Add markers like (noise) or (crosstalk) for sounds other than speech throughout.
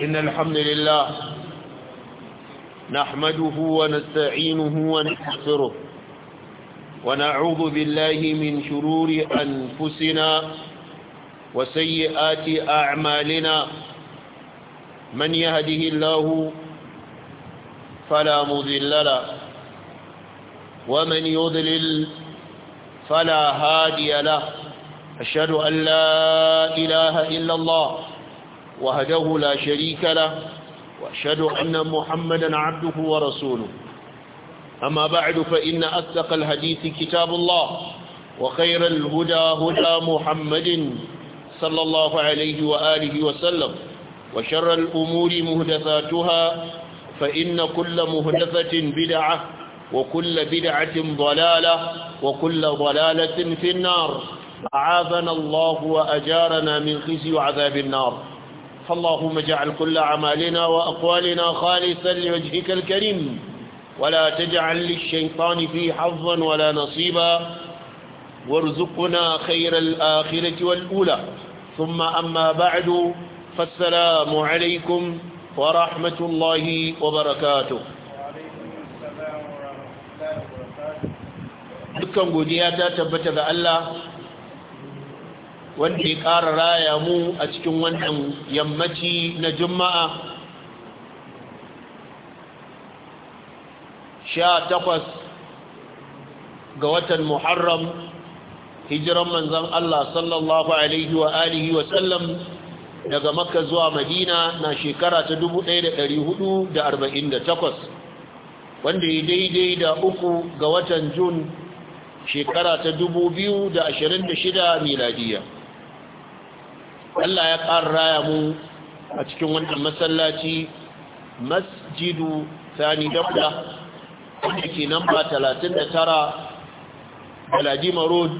إن الحمد لله نحمده ونستعينه ونستغفره ونعوذ بالله من شرور أنفسنا وسيئات أعمالنا من يهده الله فلا مذل له ومن يضلل فلا هادي له أشهد أن لا إله إلا الله وهده لا شريك له وأشهد أن محمدا عبده ورسوله أما بعد فإن أتق الحديث كتاب الله وخير الهدى هدى محمد صلى الله عليه وآله وسلم وشر الأمور مهدثاتها فإن كل مهدثة بدعة وكل بدعة ضلالة وكل ضلالة في النار أعاذنا الله وأجارنا من خزي وعذاب النار فاللهم اجعل كل أعمالنا وأقوالنا خالصا لوجهك الكريم ولا تجعل للشيطان في حظا ولا نصيبا وارزقنا خير الآخرة والأولى ثم أما بعد فالسلام عليكم ورحمة الله وبركاته dukkan godiya ta tabbata ga الله wanda ya ƙara raya mu a cikin wannan yammaci na juma'a sha takwas ga watan muharram hijiran manzan Allah sallallahu alaihi wa alihi wa sallam daga makka zuwa madina na shekara ta 1448 wanda ya daidai da uku ga watan jun shekara ta da shida miladiya Allah ya ƙara raya mu a cikin wannan masallaci masjidu sani dabda wanda ke tara 39 Galadima Road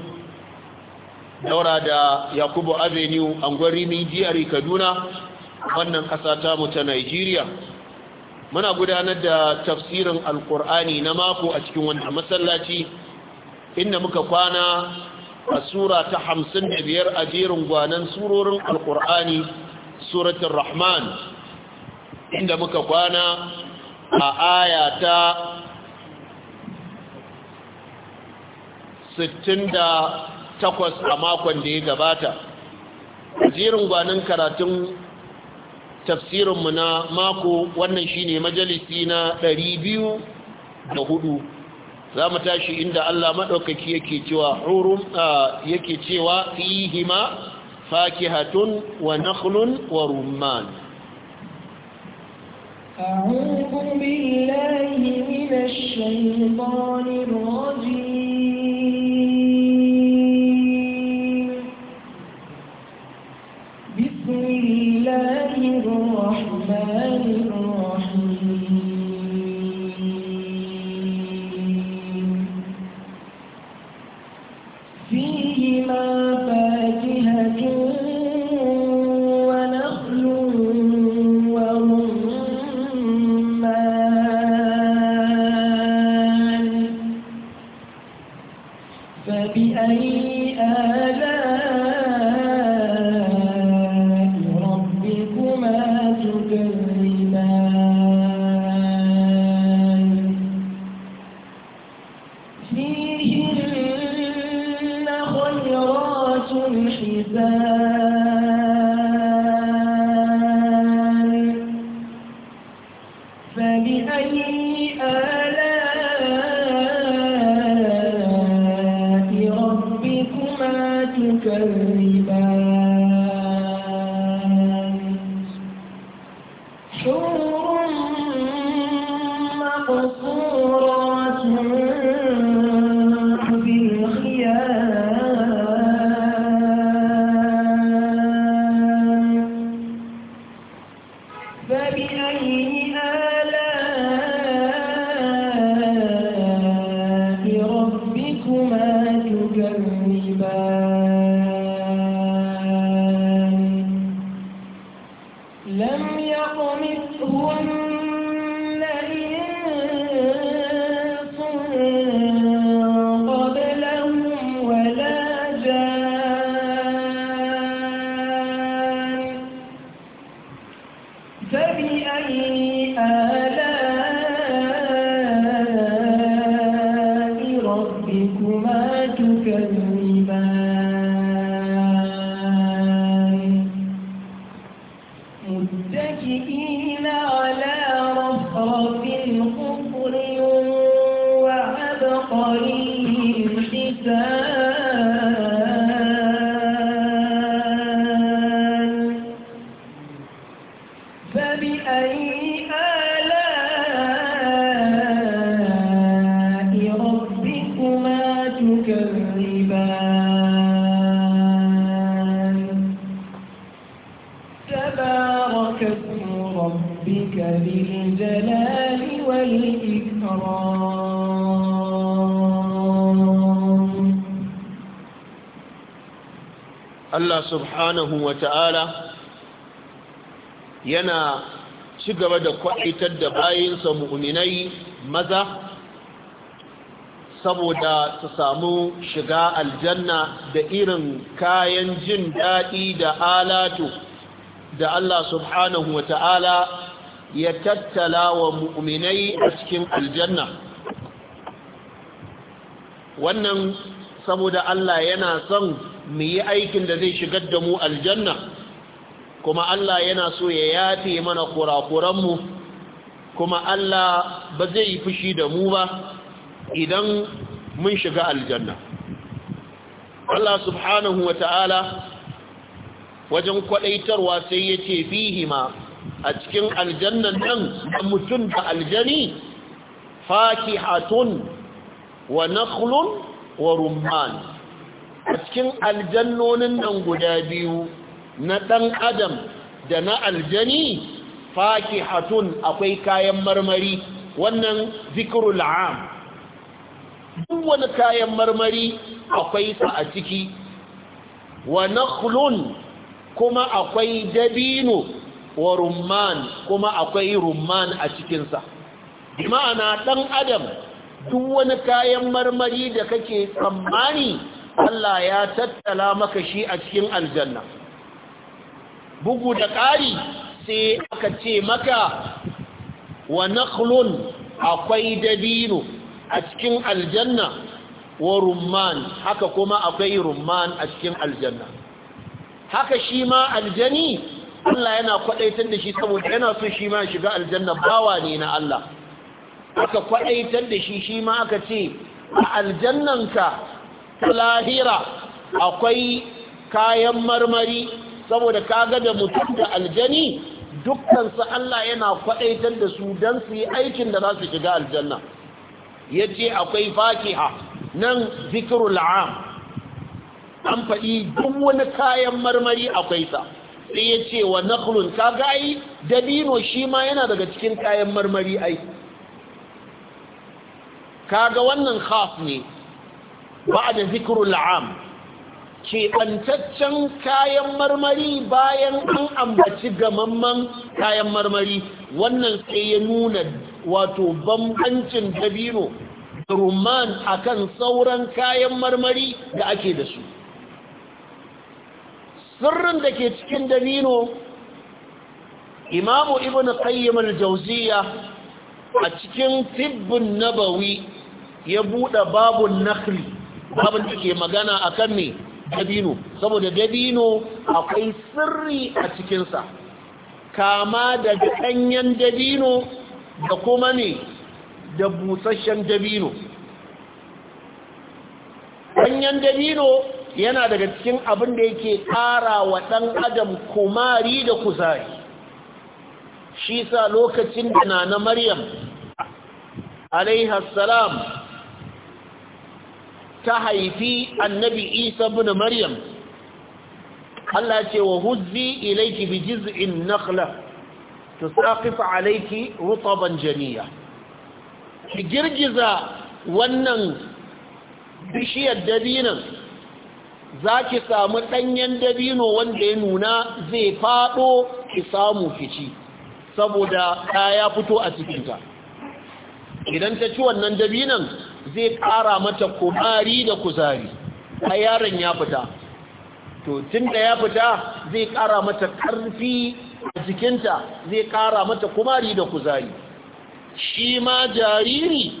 daura da Yakubu Avenue angwari min e, Kaduna wannan ƙasa ta mu ta Nigeria muna gudanar da tafsirin alkur'ani na mako a cikin wannan masallaci inda muka kwana a sura ta hamsin da biyar a jerin gwanan surorin alkur'ani suratun rahman inda muka kwana a aya ta 68 a makon da ya gabata a jerin gwanan karatun tafsirinmu na mako wannan shine majalisi na ɗari biyu da 204 za mu tashi inda Allah maɗaukaki yake cewa hurum yake cewa fihima fakihatun wa nakhlun wa rumman أعوذ بالله من ذي الجلال والإكرام الله سبحانه وتعالى yana cigaba da kwaitar da bayinsa mu'minai maza saboda su samu shiga aljanna da irin kayan jin daɗi da alatu da Allah subhanahu wa ta'ala ya tattala wa mu'minai a cikin aljanna wannan saboda Allah yana son mu yi aikin da zai shigar da mu aljanna kuma Allah yana so ya yafe mana kurakuranmu kuma Allah ba zai yi fushi da mu ba idan mun shiga aljanna Allah subhanahu wa ta'ala wajen kwadaitarwa sai ya ce fihima a cikin aljannan nan da mutum da aljani fakihatun wa nakhlun wa rumman a cikin aljannonin nan guda biyu na ɗan adam da na aljani fakihatun akwai kayan marmari wannan zikirul am duk wani kayan marmari akwai sa a ciki wa kuma akwai dabino wa rumman kuma akwai rumman a cikinsa bi ma'ana ɗan adam duk wani kayan marmari da kake tsammani Allah ya tattala maka shi a cikin aljanna bugu da ƙari sai aka ce maka wa akwai dabino a cikin aljanna wa rumman haka kuma akwai rumman a cikin aljanna haka shi ma aljani Allah yana kwadaitar da shi saboda yana son shi ma shiga aljanna bawa ne na Allah aka kwadaitar da shi shi ma aka ce a aljannanka ta lahira akwai kayan marmari saboda kaga da mutum da aljani dukkansu Allah yana kwadaitar da su don su yi aikin da za su shiga aljanna ya ce akwai fakiha nan zikirul am an faɗi duk wani kayan marmari akwai sa sai ya ce wa nakhlun ga ai dabino shi ma yana daga cikin kayan marmari ai kaga wannan khas ne ba'da zikrul am ce bantaccen kayan marmari bayan an ambaci gamamman kayan marmari wannan sai ya nuna wato bambancin dabino rumman akan sauran kayan marmari da ake da su sirrin da ke cikin dabino imamu ibn qayyim Jauziya, a cikin tibbun nabawi ya buɗe babun nakhli babun da ke magana akan ne dabino saboda dabino akwai sirri a cikinsa kama daga ɗanyen dabino da kuma ne da busasshen dabino ɗanyen dabino yana daga cikin abin da yake ƙara wa ɗan adam kumari da kuzari shi sa lokacin da na maryam alaihassalam ta haifi annabi isa bin maryam Allah ce wa huzzi ilaiki bi jiz'in nakhla tusaqif alaiki rutaban jami'a. ki girgiza wannan bishiyar dabinan za ki samu ɗanyen dabino wanda ya nuna zai faɗo ki samu kici saboda ya fito a cikinta idan ta ci wannan dabinan zai ƙara mata kumari da kuzari a yaron ya fita to tun da ya fita zai ƙara mata ƙarfi a jikinta zai ƙara mata kumari da kuzari shi ma jariri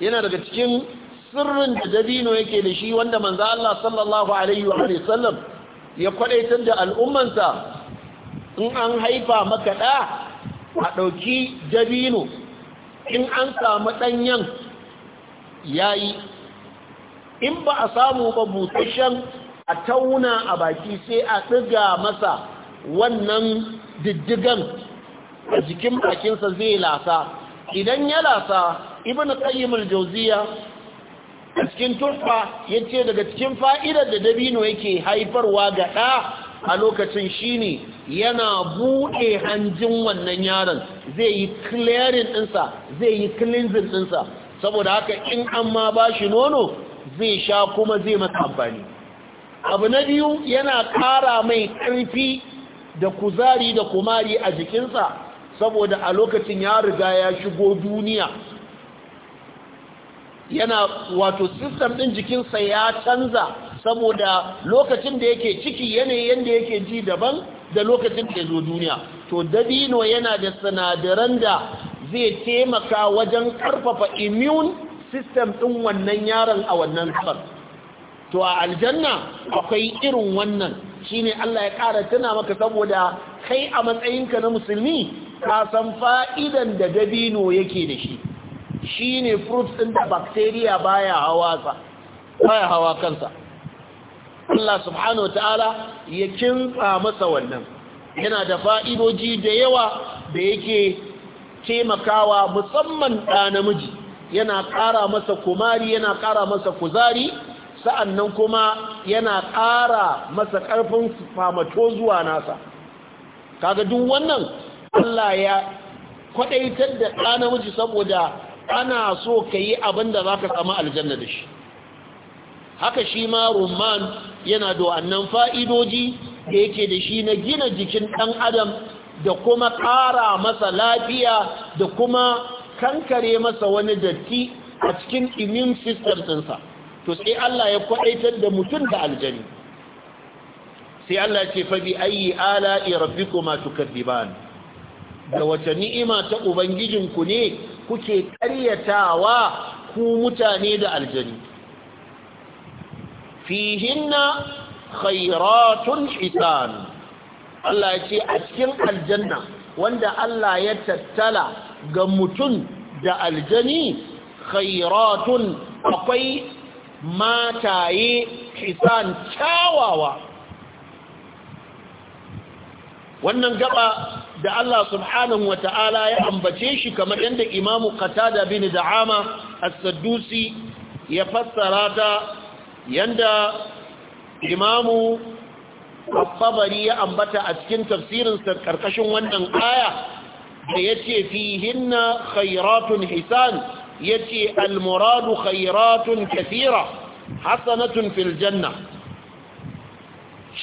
yana daga cikin sirrin da dabino yake da shi wanda manza Allah sallallahu alaihi ya kwadaitar da al'ummansa in an haifa maka da a ɗauki dabino in an samu danyen yayi in ba a samu ba butashen a tauna a baki sai a ɗiga masa wannan diddigan a jikin bakinsa zai lasa idan ya lasa ibn qayyim al jauziya a cikin turba ya ce daga cikin fa'idar da dabino yake haifarwa ga ɗa a lokacin shine yana buɗe hanjin wannan yaron zai yi clearing ɗinsa zai yi cleansing ɗinsa saboda haka in an ma ba shi nono zai sha kuma zai masa amfani abu na biyu yana ƙara mai ƙarfi da kuzari da kumari a jikinsa saboda a lokacin ya riga ya shigo duniya yana wato system ɗin jikinsa ya canza saboda lokacin da yake ciki yanayi yanda yake ji daban da lokacin da zo duniya to dabino yana da sinadaran da zai taimaka wajen ƙarfafa immune system ɗin wannan yaron a wannan kafar to a aljanna akwai irin wannan shine Allah ya ƙara tana maka saboda kai a matsayinka na musulmi ka san fa'idan da dabino yake da shi shi ne fruit ɗin da bacteria baya hawa kansa Allah subhanahu wa ta'ala ya kinsa masa wannan yana da fa'idoji da yawa da yake taimakawa musamman ɗa namiji yana ƙara masa kumari yana ƙara masa kuzari sa'annan kuma yana ƙara masa ƙarfin famato zuwa nasa kaga duk wannan Allah ya kwaɗaitar da ɗa namiji saboda ana so ka yi abin da za ka samu aljanna da shi haka shi ma rumman yana da wannan fa'idoji da yake da shi na gina jikin ɗan adam da kuma ƙara masa lafiya da kuma kankare masa wani datti a cikin immune system ɗinsa to sai Allah ya kwaɗaitar da mutum da aljani sai Allah ce fabi ayi ala kuma tukar da wace ni'ima ta ubangijinku ne kuke ƙaryatawa ku mutane da aljani fihinna khairatun isan. Allah ya ce a cikin aljanna wanda Allah ya tattala ga mutum da aljani khairatun akwai mataye hitan kyawawa wannan gaba da Allah subhanahu wa ta'ala ya ambace shi kamar yadda imamu qatada bin da'ama as-saddusi ya fassara ta yadda imamu al ya ambata a cikin tafsirinsa karkashin wannan aya da yace fihinna khairatun hisan yace ce Almuradu khairatun kathira hasanatun Filjanna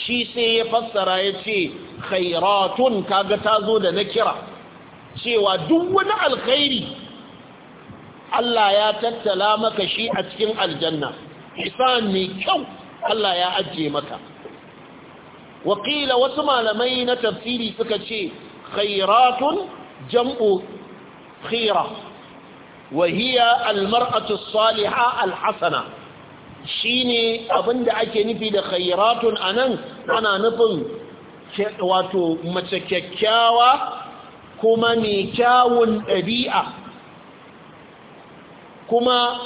shi sai ya fassara yace khairatun kaga ta zo da na kira cewa duk wani alkhairi Allah ya tattala maka shi a cikin aljanna isan mai kyau Allah ya ajiye maka wakila wasu malamai na tafsiri suka ce khairatun jam'u khira wahiya almar'atu as-salihah al shine abinda ake nufi da khairatun anan ana nufin wato mace kyakkyawa kuma mai kyawun ɗabi'a kuma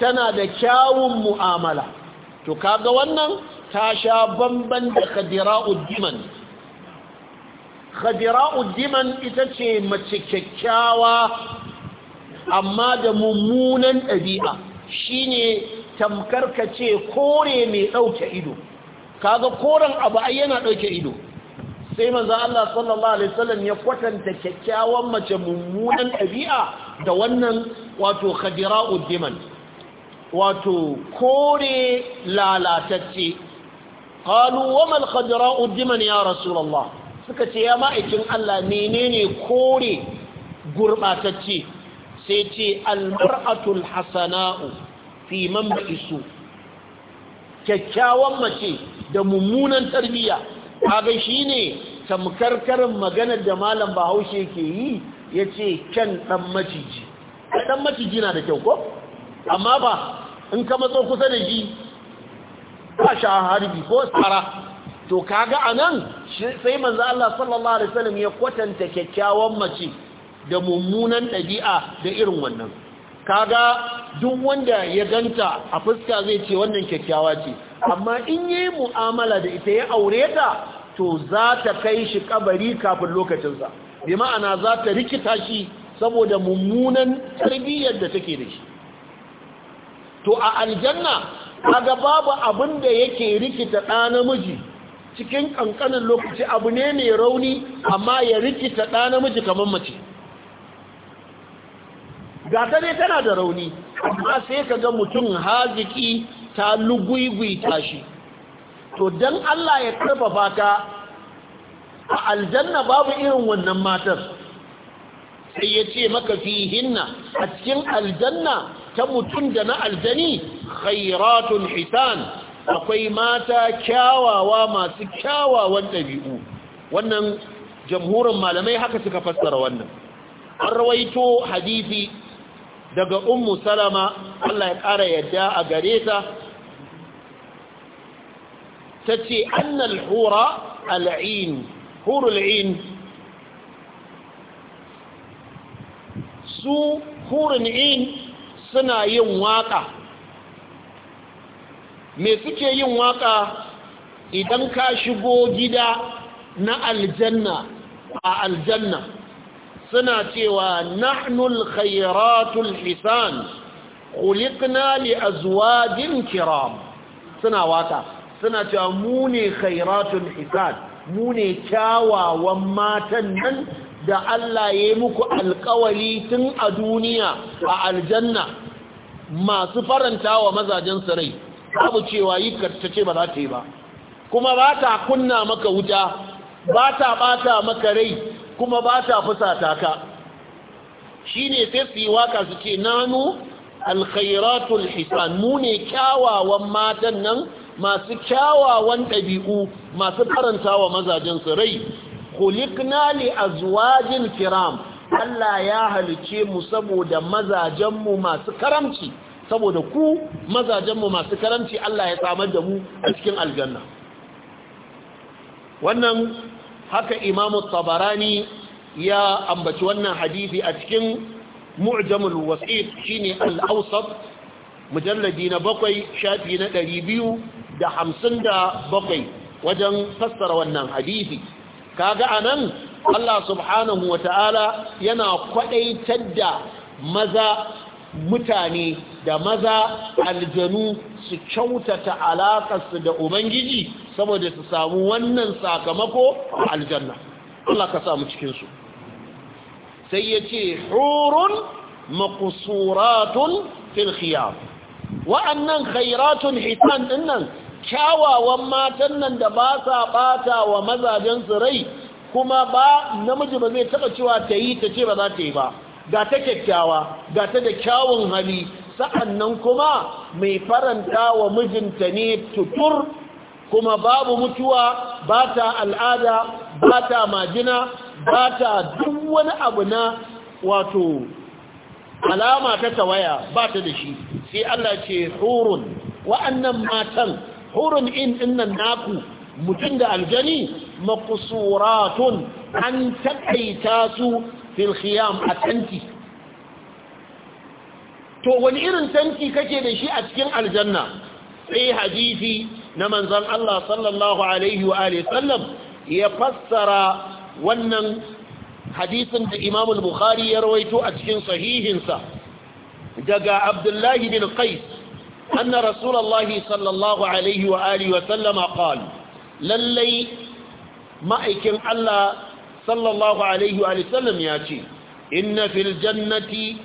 tana da kyawun mu'amala to kaga wannan ta sha bamban da khadira'uddiman khadira'uddiman ita ce mace kyakkyawa amma da mummunan ɗabi'a shine tamkar ka ce kore mai ɗauke ido kaga koren abu ai yana ɗauke ido sai manzo Allah sallallahu alaihi wasallam ya kwatanta kyakkyawan mace mummunan ɗabi'a da wannan wato khadira'ud diman wato kore lalatacce qalu wama al diman ya rasulullah suka ce ya ma'aikin Allah menene kore gurbatacce sai ce al-mar'atul hasana'u fi man kyakkyawan mace da mummunan tarbiyya kaga shine tamkar karin maganar da malam bahaushe ke yi yace kan dan maciji dan maciji na da kyau ko amma ba in ka matso kusa da shi ba sha harbi ko tsara to kaga anan sai manzo Allah sallallahu alaihi wasallam ya kwatanta kyakkyawan mace da mummunan ɗabi'a da irin wannan kaga duk wanda ya ganta a fuska zai ce wannan kyakkyawa ce amma in yi mu'amala da ita ya aure ta to za ta kai shi kabari kafin lokacinsa bi ma'ana za ta rikita shi saboda mummunan tarbiyyar da take da shi to a aljanna kaga babu abin da yake rikita ɗa namiji cikin ƙanƙanin lokaci abu ne mai rauni amma ya rikita ɗa namiji kamar mace ga ta dai tana da rauni amma sai ka ga mutum haziki ta lugwigwita shi to don Allah ya karfafa ta a aljanna babu irin wannan matar sai ya ce maka fihinna a cikin aljanna ta mutum da na aljani khairatun hitan akwai mata kyawawa masu kyawawan ɗabi'u wannan jamhurin malamai haka suka fassara wannan an rawaito hadisi daga ummu salama Allah ya ƙara yadda a gare ta ta ce annal hura al'in hurul in su hurun in suna yin waka, me suke yin waƙa idan ka shigo gida na aljanna a aljanna suna cewa nahnul khairatul hisan khuliqna li azwajin kiram suna waka suna cewa mu ne khairatul hisan mu ne kyawawan matan nan da Allah ya yi muku alkawali tun a duniya a aljanna masu faranta wa mazajen sarai babu cewa yi ta ba za ta yi ba kuma ba ta kunna maka wuta ba ta bata maka rai kuma ba ta fusata ka shine sai waka su ce nanu alkhairatul hisan mu ne kyawawan matan nan masu kyawawan ɗabi'u masu faranta wa mazajensu rai kulikna li azwajin kiram Allah ya halice mu saboda mazajenmu masu karamci saboda ku mazajenmu masu karamci Allah ya samar da mu a cikin aljanna wannan haka imamu tabarani ya ambaci wannan hadisi a cikin mu'jamul wasif shine al-awsat mujalladi na bakwai shafi na ɗari biyu da hamsin da bakwai wajen fassara wannan hadisi kaga anan Allah subhanahu wa ta'ala yana kwaɗaitar da maza mutane da maza aljanu su kyautata alaƙarsu da ubangiji saboda su samu wannan sakamako aljanna Allah ka samu cikin su sai yace hurun maqsuratun fil khiyam wa'annan khairatun hisan dinnan kyawawan matan nan da ba sa bata wa mazajen su rai kuma ba namiji ba zai taba cewa ta yi ta ce ba za ta yi ba ga ta kyakkyawa ga ta da kyawun hali sa'annan kuma mai faranta wa mijinta ne tutur kuma babu mutuwa ba ta al'ada ba ta majina ba ta duk wani abu na wato alama ta tawaya ba ta da shi sai Allah ce hurun wa'annan matan hurun in dinnan naku mutum da aljani makusuratun an taƙaita su fil khiyam a tanti to wani irin tanti kake da shi a cikin aljanna sai hadisi na manzan Allah sallallahu alaihi wa sallam ya fassara wannan hadisin da Imam bukhari ya rawaito a cikin sahihinsa daga Abdullahi bin Qais anna Rasulullahi sallallahu alaihi wa alihi wa sallama qala lallai ma'aikin Allah sallallahu alaihi wa sallam ya ce inna fil jannati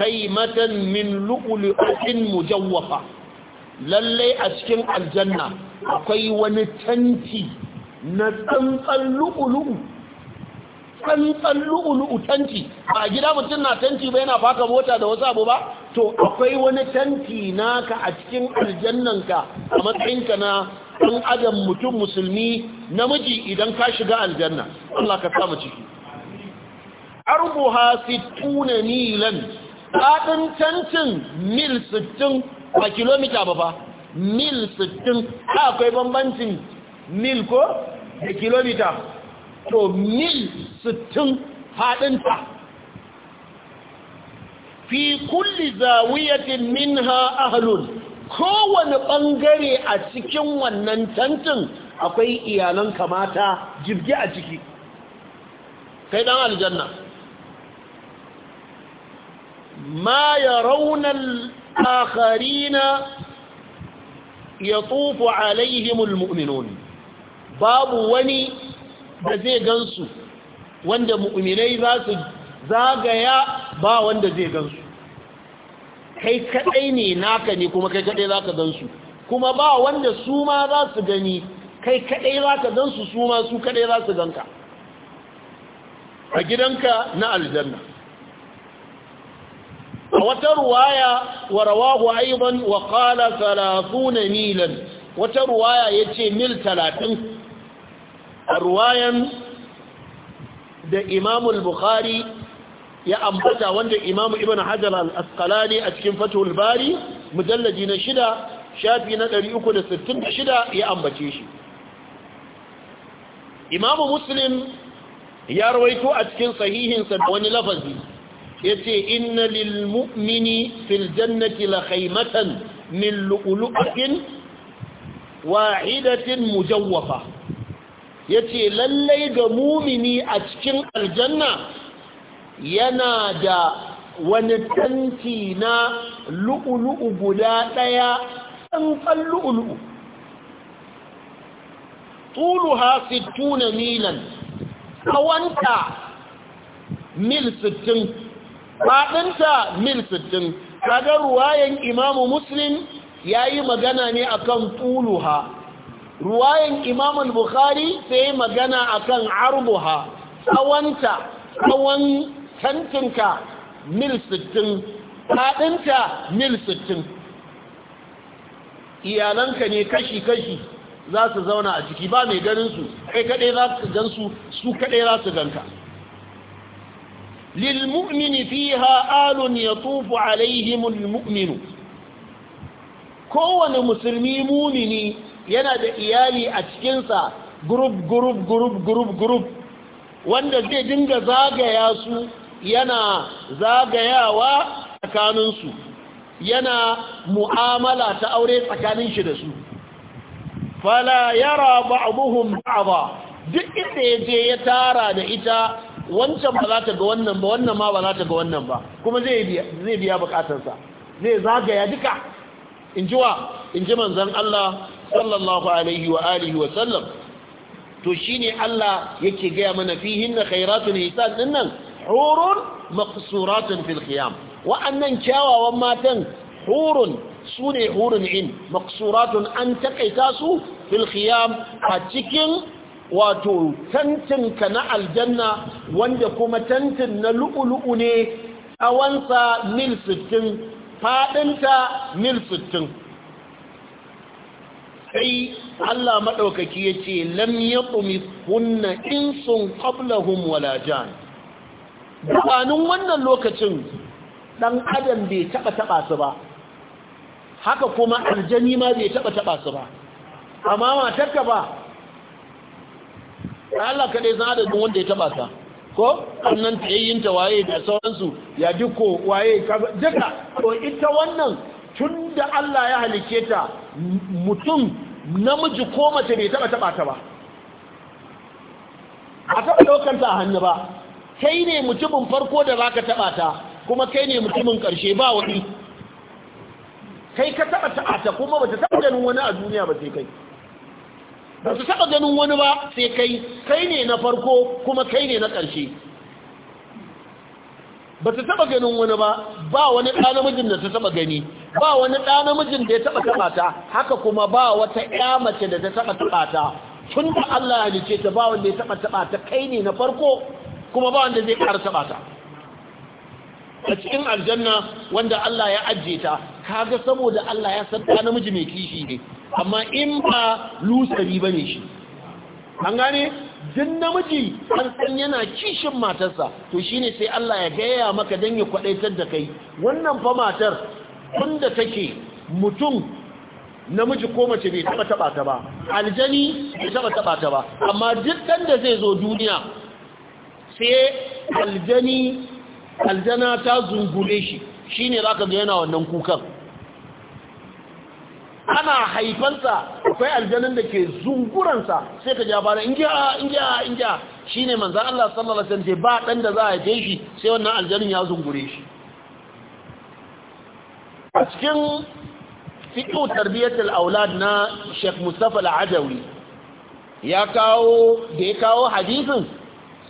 khaymatan min lu'lu'in mujawwafa Lallai a cikin aljanna akwai wani tanti na tsantsan lu'ulu'u tsantsan lu'ulu'u tanti a gida mutum na tanti ba yana faka mota da wasu abu ba to akwai wani tanti naka a cikin aljannanka a matsayinka na ɗan adam mutum musulmi namiji idan ka shiga aljanna Allah ka kama ciki arbuha sittuna milan tantin mil sittin ba kilomita ba fa mil 60 akwai bambancin mil ko da kilomita to mil 60 haɗinta fi kulli zawiyatin minha ahlun kowane ɓangare a cikin wannan tantin akwai iyalan kamata jirgi a ciki kai ɗan aljanna ma ya raunar آخرين يطوف عليهم المؤمنون باب وني da zai gansu wanda mu'minai za su zagaya ba wanda zai gansu kai kadai ne naka ne kuma kai kadai za ka gansu kuma ba wanda su ma za su gani kai kadai za ka gansu su ma su kadai za su ganka a gidanka na aljanna A wata ruwaya wa rawahu aidan wa qala 30 milan wata ruwaya ya ce mil talatin ruwayan da imamu al-bukhari ya ambata wanda imam ibn hajar al ne a cikin fathul bari mujallaji na shida shafi na 366 ya ambace shi imamu muslim ya rawaito a cikin sahihinsa da wani lafazi yace inna lil mu'mini fil jannati la khaymatan min lu'lu'atin wahidatin mujawwafa yace lallai ga mu'mini a cikin aljanna yana da wani tanti na lu'ulu'u guda ɗaya tsantsan lu'ulu'u tulu ha sittuna milan tsawonta mil sittin Fadinta mil 60 kaga ruwayan Imam muslim ya yi magana ne akan tuluha ruwayan Imam bukhari sai magana akan arbuha Tsawanta tsawon tantinka mil 60 faɗinta mil 60 iyalanka ne kashi-kashi za su zauna a ciki ba mai ganinsu kai kaɗai za su gan su kaɗai za su ganka للمؤمن فيها آل يطوف عليهم المؤمن kowane musulmi mumini yana da iyali a cikinsa gurub gurub gurub gurub gurub wanda zai dinga zagaya su yana zagayawa tsakaninsu yana mu'amala ta aure tsakanin shi da su fala yara ba'duhum ba'da duk inda yaje ya tara da ita wancan ba za ta ga wannan ba wannan ma ba za ta ga wannan ba kuma zai biya bukatarsa zai zagaya duka in ji wa in ji manzan Allah sallallahu alaihi wa alihi wa sallam to shine Allah yake gaya mana fihin na khairatun hisan din nan hurun maqsuratun fil khiyam wa'annan kyawawan matan hurun sune hurun in maqsuratun an takaita su fil khiyam a cikin wato tantinka na aljanna wanda kuma tantin na lu'ulu'u ne tsawonsa mil 60 faɗinta mil 60 sai Allah maɗaukaki ya ce lam ya hunna in sun ƙablahun walajan gabanin wannan lokacin ɗan adam bai taɓa taɓa su ba haka kuma aljani ma bai taɓa taɓa su ba amma matarka ba Allah kaɗai san adadin wanda ya taba ka ko annan tayayyin ta waye da sauransu ya duko waye duka to ita wannan tun da Allah ya halice ta mutum namiji ko mace bai taba taba ta ba a taba ɗaukar ta hannu ba kai ne mutumin farko da zaka taba ta kuma kai ne mutumin ƙarshe ba wani kai ka taba ta kuma bata taba ganin wani a duniya ba sai kai ba su taɓa ganin wani ba sai kai kai ne na farko kuma kai ne na ƙarshe ba su taɓa ganin wani ba ba wani ɗa namijin da ta taɓa gani ba wani ɗa namijin da ya taɓa taɓa ta haka kuma ba wata ƙyamace mace da ta taɓa taɓa ta tun da Allah ya halice ta ba wanda ya taɓa taɓa ta kai ne na farko kuma ba wanda zai ƙara taɓa ta a cikin aljanna wanda Allah ya ajiye ta kaga saboda Allah ya san ɗa namiji mai kishi ne amma in ba lusari ba ne shi an gane jin namiji an san yana kishin matarsa to shi ne sai Allah ya gaya maka don ya kwadaitar da kai wannan fa matar wanda take mutum namiji ko mace bai taba taba ta ba aljani bai taba taba ta ba amma duk dan da zai zo duniya sai aljani aljana ta zungure shi shi shine zaka ga yana wannan kukan ana haifansa akwai aljanin da ke zunguransa sai ka jabara ingiya ingiya ingiya shi ne manzan Allah sallallahu Alaihi wasallam ba ɗan da za a haife shi sai wannan aljanin ya zungure shi a cikin fiƙo tarbiyyatul aulad na sheikh mustapha al'adawi ya kawo da ya kawo hadisin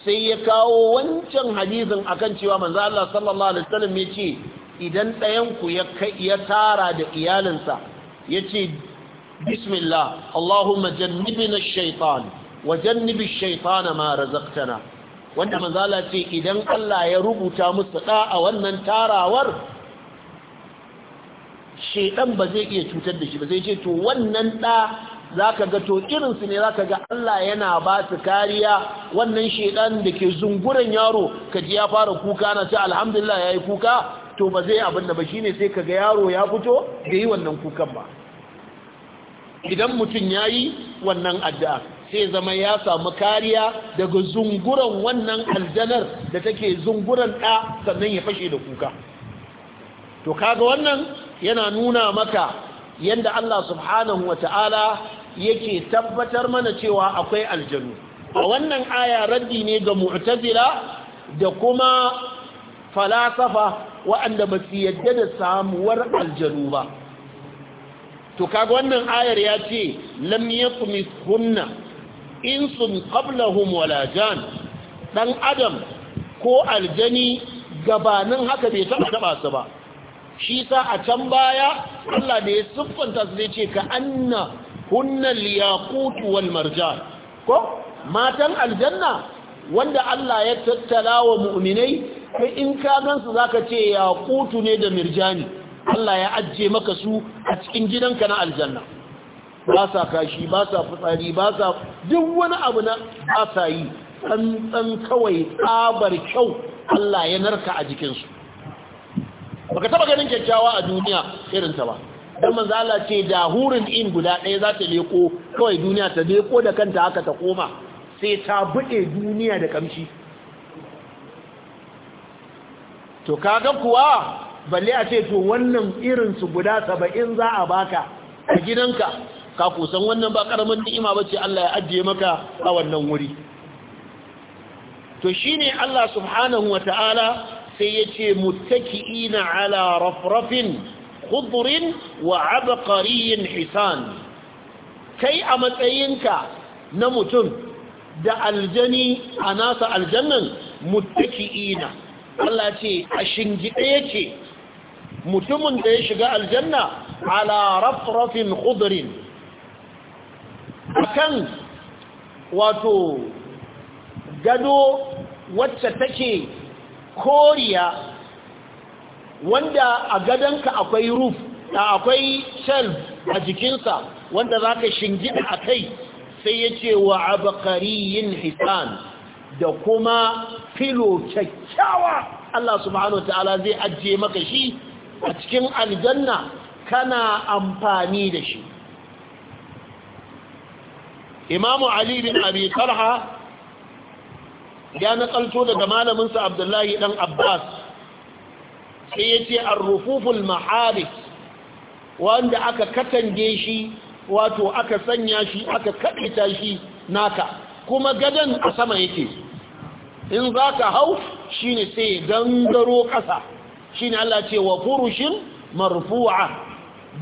sai ya kawo wancan hadisin akan cewa manzan Allah sallallahu Alaihi wasallam ya ce idan ɗayanku ya tara da iyalinsa yace bismillah Allahumma jannibna ash-shaytan wa jannibi ash ma razaqtana wanda manzala ce idan Allah ya rubuta musu da a wannan tarawar shedan ba zai iya cutar da shi ba zai ce to wannan da zaka ga to irinsu ne zaka ga Allah yana ba su kariya wannan shedan da ke zunguran yaro kaji ya fara kuka na ce alhamdulillah yayi kuka to ba zai abin da ba shine sai kaga yaro ya fito da yi wannan kukan ba idan mutum ya yi wannan addu'a sai zama ya samu kariya daga zunguran wannan aljanar da take zunguran ɗa sannan ya fashe da kuka to kaga wannan yana nuna maka yadda Allah subhanahu wa ta'ala yake tabbatar mana cewa akwai aljanu a wannan aya raddi ne ga mu'tazila da kuma falasafa waɗanda ba su yadda da samuwar aljanu ba to kaga wannan ayar ya ce lam yatmis hunna insun qablahum wala jan dan adam ko aljani gabanin haka bai taba taba su ba shi sa a can baya Allah da ya siffanta su zai ce ka anna hunna liyaqut wal marjan ko matan aljanna wanda Allah ya tattala wa mu'minai sai in ka gansu ka ce ya kutu ne da mirjani Allah ya ajje maka su a cikin gidanka na aljanna ba sa kashi ba sa fitsari ba sa duk wani abu na ba sa yi tsantsan kawai tsabar kyau Allah ya narka a jikinsu Ba ka taba ganin kyakkyawa a duniya irin ta ba don manzo Allah ce da hurin in guda ɗaya za ta leko kawai duniya ta leko da kanta haka ta koma sai ta buɗe duniya da kamshi to kaga kuwa balle a ce to wannan irin su guda saba'in za a baka a gidanka ka kusan wannan ba karamin ni'ima bace Allah ya ajiye maka a wannan wuri to shine Allah subhanahu wataala sai yace muttaki'ina ala rafrafin khudrin wa abqariyyin hisan kai a matsayinka na mutum da aljani a nasa aljannan muttaki'ina Allah ce a shingiɗe yake mutumin da ya shiga aljanna ala rafrafin khudrin akan wato gado wacce take koriya wanda a gadonka akwai roof da akwai shelf a jikinsa wanda za ka shingida a kai sai ya ce wa abakariyin hisan da kuma filo kyakkyawa Allah subhanahu ta'ala zai ajiye maka shi a cikin aljanna kana amfani da shi imamu ali bin abi talha ya nakalto daga malaminsa abdullahi dan abbas sai ya ce arrufuful maharif wanda aka katange shi wato aka sanya shi aka kaɗita shi naka kuma gadon a sama yake in za ka hau shi ne sai gangaro ƙasa shi ne Allah ce wa furushin marfu'a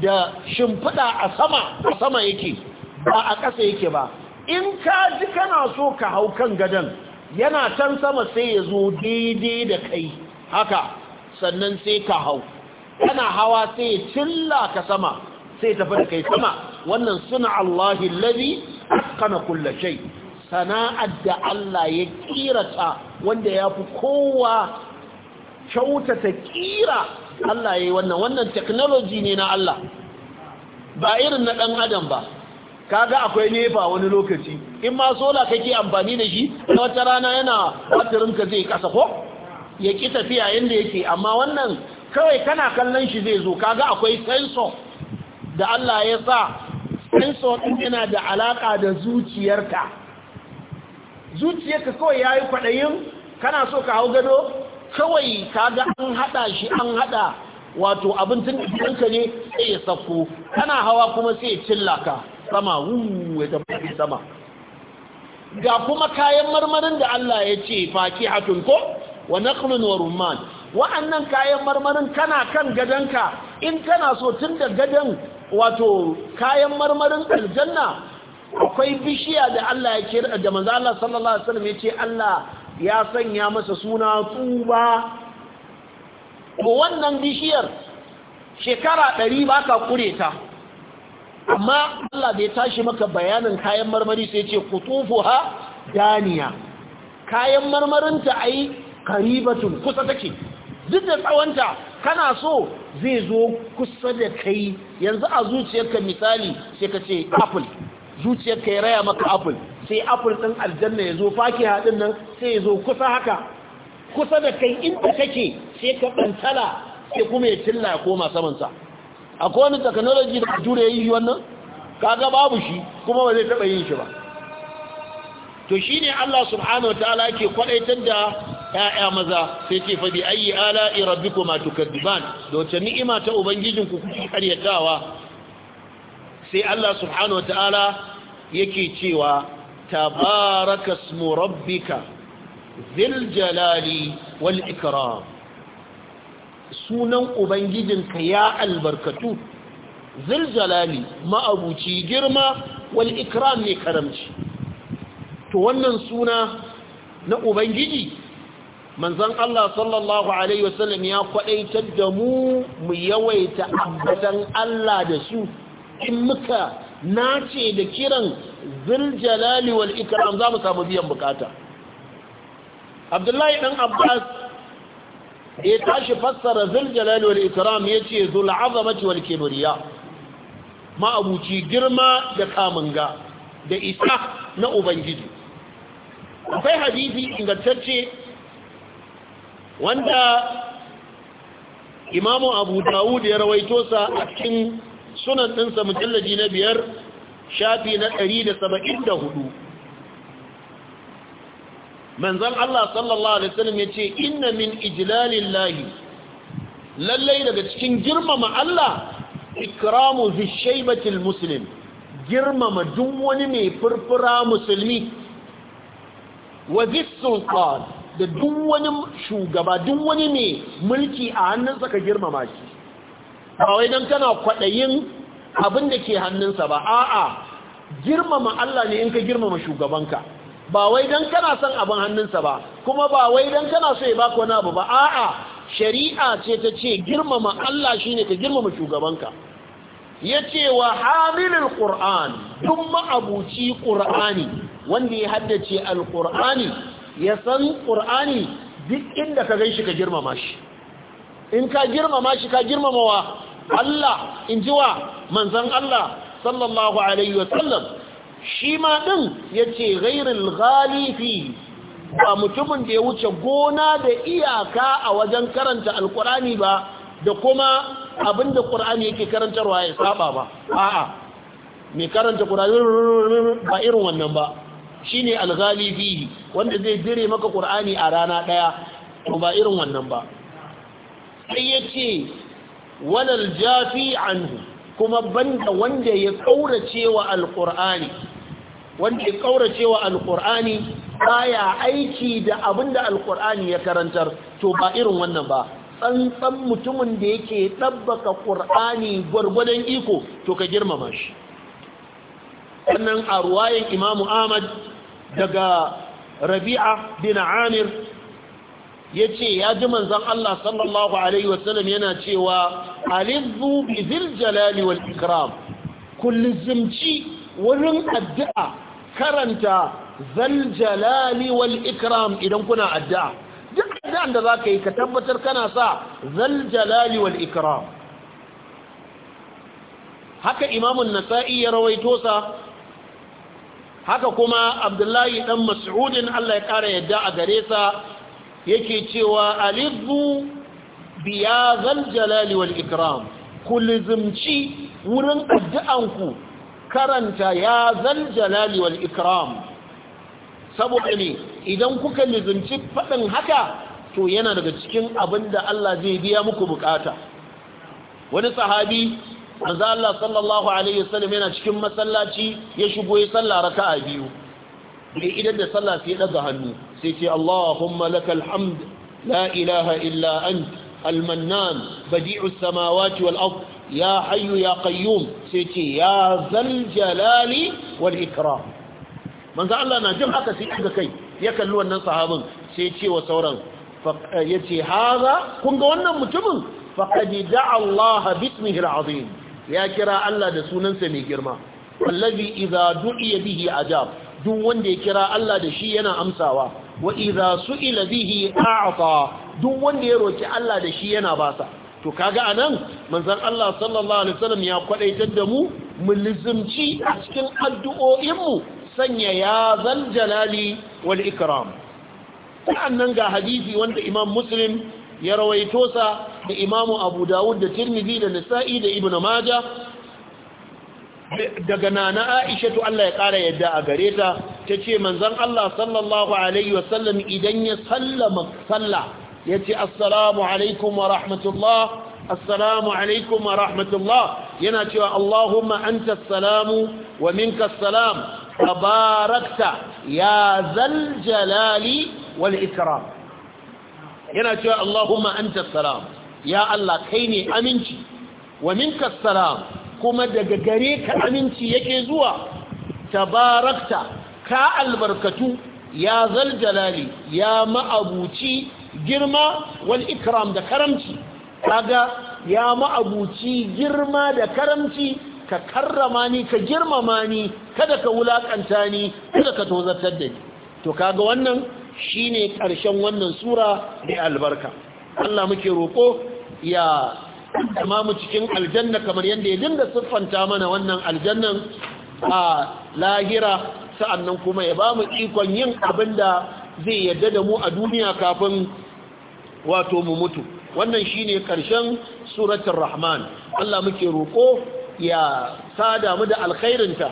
da shimfiɗa a sama a sama yake ba a ƙasa yake ba in ka ji kana so ka hau kan gadon yana can sama sai ya zo daidai da kai haka sannan sai ka hau kana hawa sai ya cilla ka sama sai tafi da kai sama wannan suna Allahi ladi kana kulle shai sana'ar da Allah ya kirata wanda ya fi kowa kyautata kira Allah ya yi wannan wannan technology ne na Allah ba irin na ɗan adam ba kaga akwai nefa wani lokaci in ma sola kake amfani da shi na wata rana yana watarinka zai kasa ko ya ki tafiya yadda yake amma wannan kawai kana kallon shi zai zo kaga akwai sensor da Allah ya sa sensor ɗin yana da alaƙa da zuciyarka zuciyarka kawai ya yi kwaɗayin kana so ka hau gado kawai ka ga an haɗa shi an haɗa wato abincin ɗanka ne sai ya sako kana hawa kuma sai ya cilla ka sama wuwa ta fi sama ga kuma kayan marmarin da Allah ya ce faki hatun ko wa naqlun wa rumman wa'annan kayan marmarin kana kan gadonka in kana so tun da gadon wato kayan marmarin aljanna akwai bishiya da Allah ya kira da manzo Allah sallallahu alaihi wasallam yace Allah ya sanya masa suna tuba ko wannan bishiyar shekara 100 ba ka kure ta amma Allah bai tashi maka bayanin kayan marmari sai yace qutufuha daniya kayan marmarinta ai qaribatun kusa take duk da tsawonta kana so zai zo kusa da kai yanzu a zuciyarka misali sai ka ce apple zuciyarka ya raya maka apple sai apple ɗin aljanna ya zo fake haɗin nan sai ya zo kusa haka kusa da kai inda kake sai ka ɗantala sai kuma ya cilla ya koma samansa akwai wani technology da jure ya yi wannan kaga babu shi kuma ba zai taɓa yin shi ba to shi ne Allah subhanahu ta'ala ke kwaɗaitar da ‘ya'ya maza sai ce faɗi ayi ala irabbi kuma tukaddiban da wace ni'ima ta ubangijinku kuke karyatawa sai Allah subhanahu ta'ala yake cewa tabaraka ismu rabbika dhil jalali wal ikram sunan ubangijinka ya albarkatu dhil jalali ma'abuci girma wal ikram ne karamci to wannan suna na ubangiji manzon Allah sallallahu alaihi wasallam ya kwadaitar da mu mu yawaita ambatan Allah da su in muka na ce da kiran ziljalali wal ikram za mu samu biyan bukata abdullahi dan abbas ya tashi fassara ziljalali wal ikram ya ce zul azamati wal kibriya ma'abuci girma da kamunga da isa na ubangiji akwai hadisi ingantacce wanda imamu abu dawud ya rawaito sa a cikin sunan ɗinsa mujallaji na biyar shafi na ɗari da saba'in da hudu manzan Allah sallallahu Alaihi wasallam ya ce inna min ijilalin lahi lallai daga cikin girmama Allah ikramu zishaibatil muslim girmama duk wani mai furfura musulmi wa sultan da duk wani shugaba duk wani mai mulki a hannunsa ka girmama shi ba wai don kana kwaɗayin abin da ke hannunsa ba a'a girmama Allah ne in ka girmama shugabanka ba wai don kana son abin hannunsa ba kuma ba wai don kana so ya baka wani abu ba a'a shari'a ce ta ce girmama Allah shi ne ka girmama shugabanka ya ce wa hamilin ƙur'an duk ma'abuci ƙur'ani wanda ya haddace alƙur'ani ya san ƙur'ani duk inda ka gan shi ka girmama shi in ka girmama shi ka girmama wa Allah in ji wa manzan Allah sallallahu alaihi wasallam shi ma ɗin ya ce ghairul ghalifi ba mutumin da ya wuce gona da iyaka a wajen karanta Alƙur'ani ba da kuma abinda ƙur'ani yake karantarwa ya saba ba a'a mai karanta ƙur'ani ba irin wannan ba shine alghalifi wanda zai dire maka ƙur'ani a rana ɗaya ba irin wannan ba sai yace walal jafi anhu kuma banda wanda ya kaurace wa alqur'ani wanda ya kaurace wa alqur'ani baya aiki da abinda alqur'ani ya karantar to ba irin wannan ba tsantsan mutumin da yake dabbaka qur'ani gwargwadon iko to ka girmama shi wannan a ruwayan imamu ahmad daga rabi'a bin amir ya ce ya ji manzan Allah sallallahu Alaihi wasallam yana cewa alizu bizir jalali wal ikram kullizimci wurin addu'a karanta zal jalali wal ikram idan kuna addu'a duk addu'an da za ka yi ka tabbatar kana sa zal jalali wal ikram haka imamun nasa'i ya rawaito sa haka kuma abdullahi dan mas'udin Allah ya ƙara yadda a gare sa yake cewa alizu biya zaljalali wal ikram ku lizimci wurin addu'anku karanta ya zaljalali wal ikram saboda ne idan kuka lizimci faɗin haka to yana daga cikin abin da Allah zai biya muku bukata wani sahabi manzo Allah sallallahu alaihi wasallam yana cikin masallaci ya shigo ya sallah raka'a biyu mai idan da sallah sai daga hannu sai ce Allahumma lakal hamd la ilaha illa ant al-mannan badi'us samawati wal ard ya hayyu ya qayyum sai ce ya zal jalali wal ikram manzo Allah na jin haka sai daga kai ya kalli wannan sahabin sai ce wa sauran yace haza kun ga wannan mutumin faqad da'a Allah bismihi al-azim ya kira Allah da sunansa mai girma wallazi idza du'iya bihi ajab duk wanda ya kira Allah da shi yana amsawa wa idza su'ila bihi a'ta duk wanda ya roki Allah da shi yana basa to kaga anan manzon Allah sallallahu alaihi wasallam ya kwadaitar da mu mu lizumci a cikin addu'o'in mu sanya ya zal jalali wal ikram sannan ga hadisi wanda Imam Muslim ya rawaito sa da Imam Abu Dawud da Tirmidhi da Nasa'i da Ibn Majah daga nana Aisha to Allah ya ƙara yadda a gare ta ta ce manzon Allah sallallahu alaihi wasallam idan ya sallama sallah ya ce assalamu alaikum wa rahmatullah assalamu alaikum wa rahmatullah yana cewa Allahumma anta salamu wa minka salam tabarakta ya zal jalali wal ikram yana cewa Allahumma anta salam ya Allah kai ne aminci wa minka salam kuma daga gare ka aminci yake zuwa tabarakta ka albarkatu ya zaljalali ya ma'abuci girma wal ikram da karamci kaga ya ma'abuci girma da karamci ka karrama ni ka girmama ni kada ka wulakanta ni kada ka tozartar da ni to kaga wannan shine karshen wannan sura da albarka Allah muke roko ya amma mu cikin aljanna kamar yadda ya dinga siffanta mana wannan aljannan a lahira sa'annan kuma ya ba mu ikon yin abin da zai yadda da mu a duniya kafin wato mu mutu wannan shi ne ƙarshen suratun rahman Allah muke roƙo ya sa damu da alkhairinta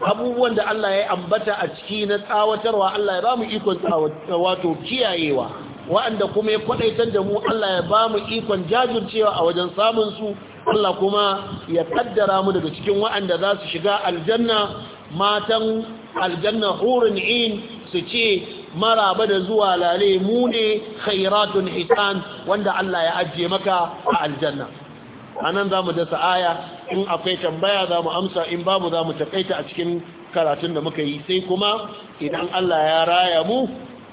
abubuwan da Allah ya ambata a ciki na tsawatarwa Allah ya ba mu ikon wato kiyayewa waɗanda kuma ya kwaɗaitar da mu Allah ya ba mu ikon jajircewa a wajen samun su Allah kuma ya kaddara mu daga cikin waɗanda za su shiga aljanna matan aljanna hurin in su ce maraba da zuwa lale mu ne khairatun hitan wanda Allah ya ajiye maka a aljanna A nan za mu dasa aya in akwai tambaya za mu amsa in babu za mu takaita a cikin karatun da muka yi sai kuma idan Allah ya raya mu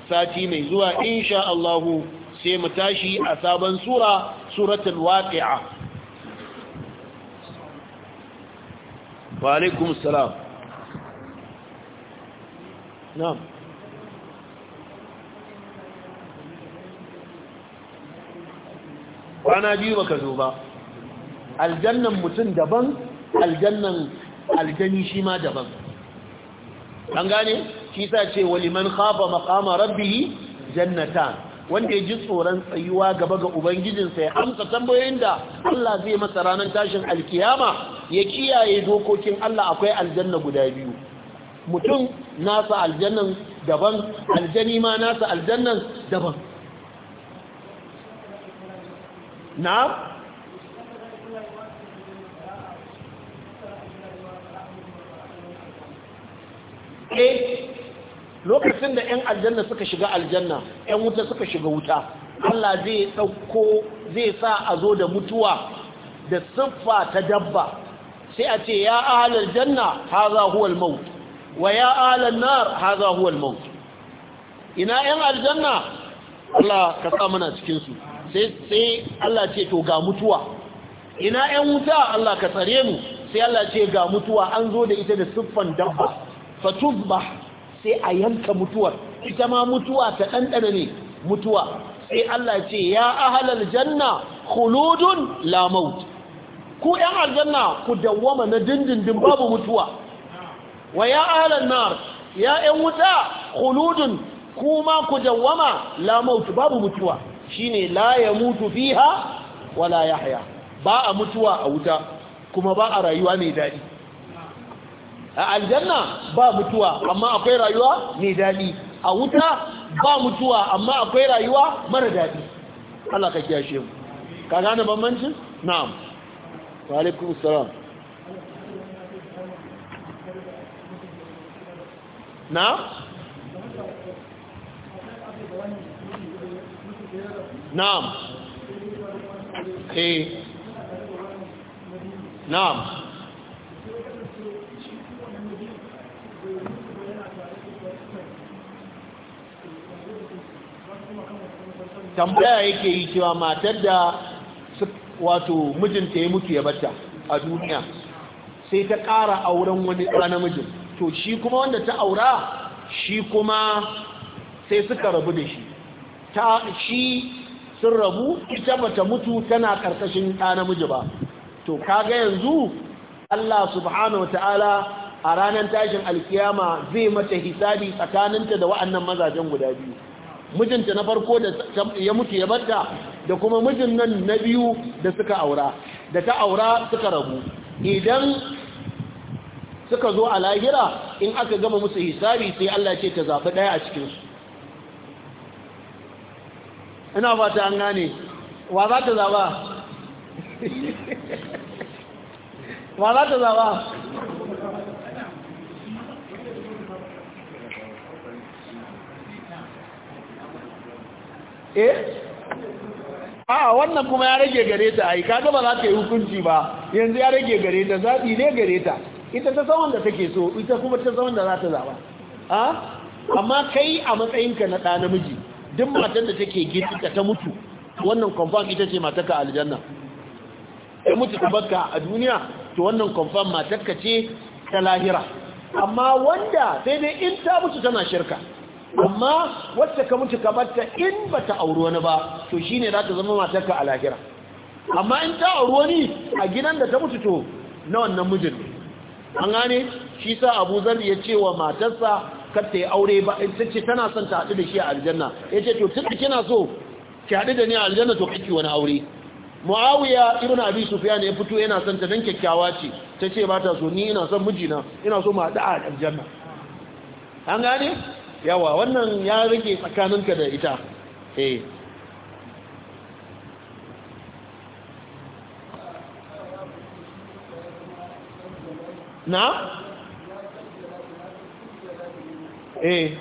sati mai zuwa insha Allahu sai mu tashi a sabon sura suratul waqi'a wa alaikum salam na'am kwana biyu baka zo ba aljannan mutum daban aljannan aljani shi ma daban an gane? shi sa ce waliman khafa maqama rabbihi jannatan wanda ya ji tsoron tsayuwa gaba ga ubangijinsa ya amsa tambayoyin da Allah zai masa ranar tashin alkiyama ya kiyaye dokokin Allah akwai aljanna guda biyu mutum nasa aljannan daban aljani ma nasa aljannan daban na eh lokacin da 'yan aljanna suka shiga aljanna 'yan wuta suka shiga wuta Allah zai ɗauko zai sa a zo da mutuwa da siffa ta dabba sai a ce ya ahalar janna haza huwal maut wa ya ahalar nar haza huwal maut ina 'yan aljanna Allah ka sa mana cikinsu sai Allah ce to ga mutuwa ina 'yan wuta Allah ka tsare mu sai Allah ce ga mutuwa an zo da ita da siffan dabba fatubba sai a yanka mutuwar ita ma mutuwa ta ɗanɗana ne mutuwa sai Allah ce ya ahalar janna khuludun la ku ‘yan aljanna ku dawwama na dindindin babu mutuwa wa ya ahalar nar ya ‘yan wuta huludun kuma ku dawwama la babu mutuwa shine la ya mutu fiha wala yahya ba a mutuwa a wuta kuma ba a rayuwa mai daɗi a aljanna ba mutuwa amma akwai rayuwa mai daɗi a wuta ba mutuwa amma akwai rayuwa mara daɗi Allah ka kiyashe mu ka gane bambancin na'am wa alaikum salam na na'am eh na'am tambaya yake yi cewa matar da wato mijinta ya mutu ya bata a duniya sai ta ƙara auren wani namijin to shi kuma wanda ta aura shi kuma sai suka rabu da shi ta shi sun rabu ita bata mutu tana ƙarƙashin ɗa namiji ba to kaga yanzu Allah subhanahu wataala a ranar tashin alkiyama zai mata hisabi tsakaninta da wa'annan mazajen guda biyu mijinta na farko da ya mutu ya barta da kuma mijin nan na biyu da suka aura da ta aura suka rabu idan suka zo a lahira in aka gama musu hisabi sai Allah ce ta zaɓi ɗaya a cikinsu ina ba ta an gane wa za ta zaɓa (laughs) wa za ta zaɓa eh a wannan kuma ya rage gare ta ai kaga ba za ta yi hukunci ba yanzu ya rage gare ta zaɓi ne gare ta ita ta tsawon da take so ita kuma ta tsawon da za ta zaɓa a amma kai a matsayinka na ɗa namiji duk matan da take gidanta ta mutu wannan confirm ita ce matarka aljanna ya mutu ta baka a duniya to wannan confirm matarka ce ta lahira amma wanda sai dai in ta mutu tana shirka amma wacce ka mutu ka batta in ba ta auri wani ba to shi ne za ta zama matarka a lahira amma in ta auri wani a gidan da ta mutu to na wannan mijin ne an gane shi sa abu zan ya ce wa matarsa kar ta yi aure ba in ta ce tana son ta haɗu da shi a aljanna ya ce to tun da kina so ki haɗu da ni a aljanna to kake wani aure muawiya ibn abi sufyan ya fito yana son ta dan kyakkyawa ce ta ce ba ta so ni ina son mijina ina so mu haɗu a aljanna an gane yawa wannan ya rage tsakaninka da ita eh na? eh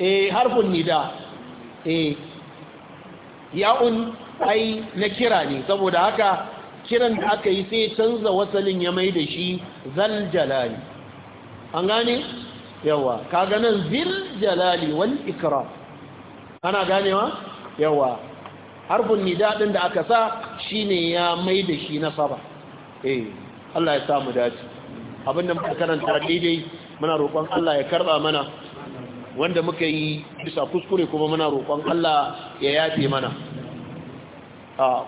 eh harfin nida eh ya'un ai na kira ne saboda haka kiran da aka yi sai canza wasalin ya mai da shi zal an gane yawa kaga nan zil jalali wal ikram ana ganewa yawa harfin nida din da aka sa shine ya mai da shi nasaba eh Allah ya samu dace abin da muka karanta daidai muna roƙon Allah ya karba mana wanda muka yi bisa kuskure kuma muna roƙon Allah ya yafe mana ah.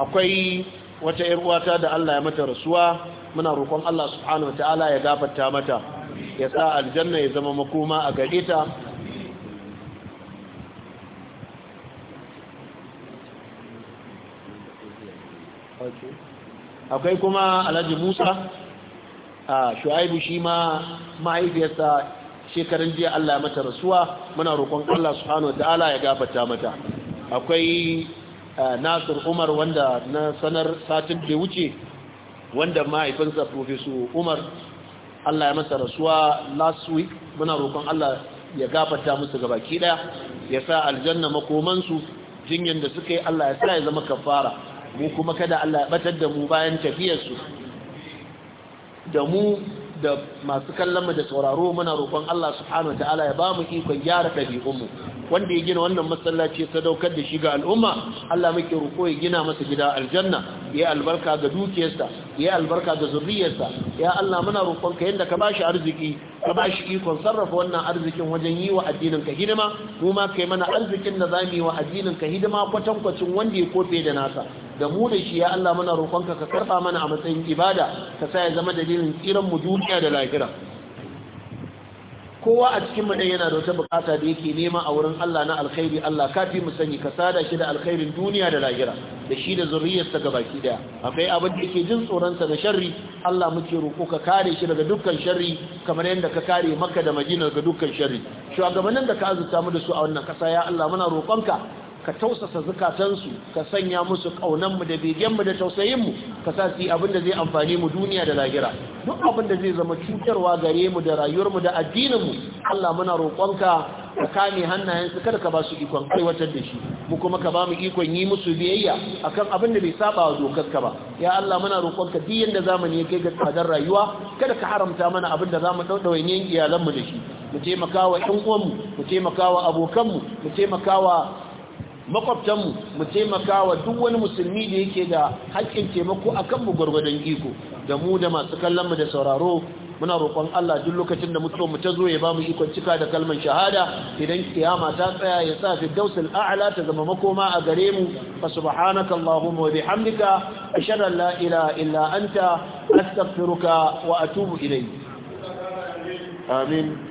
akwai wata ‘yar uwata da Allah ya mata rasuwa muna roƙon Allah subhanahu wa ta'ala ya gafarta mata ya sa aljanna ya zama makoma a gare ta akwai kuma alhaji musa a shu'aibu shi ma mahaifiyarsa shekarun jiya Allah ya mata rasuwa muna roƙon Allah subhanahu wa ta'ala ya gafarta mata akwai nasir umar wanda na sanar satin da wuce wanda mahaifinsa profesor umar allah ya masa rasuwa last week muna roƙon allah ya gafata musu gabaki daya ya sa aljanna makomansu jinyar da suka yi allah ya sa ya zama kafara mu kuma kada allah ya batar da mu bayan tafiyarsu da mu da masu kallon mu da sauraro muna roƙon Allah subhanahu wataala ya mu ikon gyara ɗabi'unmu wanda ya gina wannan masallaci sadaukar da shi ga al'umma Allah muke roƙo ya gina masa gida aljanna ya albarka ga dukiyarsa ya albarka ga zuriyarsa ya Allah muna roƙon ka yanda ka bashi arziki ka bashi ikon sarrafa wannan arzikin wajen yi wa addinin ka hidima mu kai mana arzikin da zamu yi wa addinin ka hidima kwatankwacin wanda ya kofe da nasa da mu da shi ya Allah muna roƙonka ka karɓa mana a matsayin ibada ka sa ya zama dalilin tsiran mu duniya da lahira kowa a cikin mu yana da wata bukata da yake nema a wurin Allah na alkhairi Allah ka fi mu sani ka sada shi da alkhairin duniya da lahira da shi da zuriyarsa gabaki daya akwai abin da yake jin tsoron sa da sharri Allah muke roko ka kare shi daga dukkan sharri kamar yadda ka kare Makka da Madina daga dukkan sharri shugabannin da ka azurta mu da su a wannan kasa ya Allah muna roƙonka ka tausasa zukatansu ka sanya musu kaunanmu da begenmu da tausayinmu ka sa su abin da zai amfani mu duniya da lahira duk abin da zai zama cutarwa gare mu da rayuwarmu da addininmu Allah muna roƙonka ka kame hannayensu kada ka ba su ikon aiwatar da shi mu kuma ka ba mu ikon yi musu biyayya akan abin da bai saba wa ka ba ya Allah muna roƙonka duk yanda zamani ya kai ga tsadar rayuwa kada ka haramta mana abin da zamu iyalan mu da shi mu taimaka wa ƴan uwanmu mu taimaka wa abokanmu mu taimaka wa makwabtanmu mu taimaka wa duk wani musulmi da yake da haƙƙin taimako a kanmu gwargwadon iko da mu da masu kallonmu da sauraro muna roƙon Allah duk lokacin da mutuwar mu ta zo ya ba mu ikon cika da kalman shahada idan kiyama ta tsaya ya sa fi dausul a'la ta zama makoma a gare mu fa subhanaka allahumma wa bihamdika ashhadu an la ilaha illa anta astaghfiruka wa atubu ilayk amin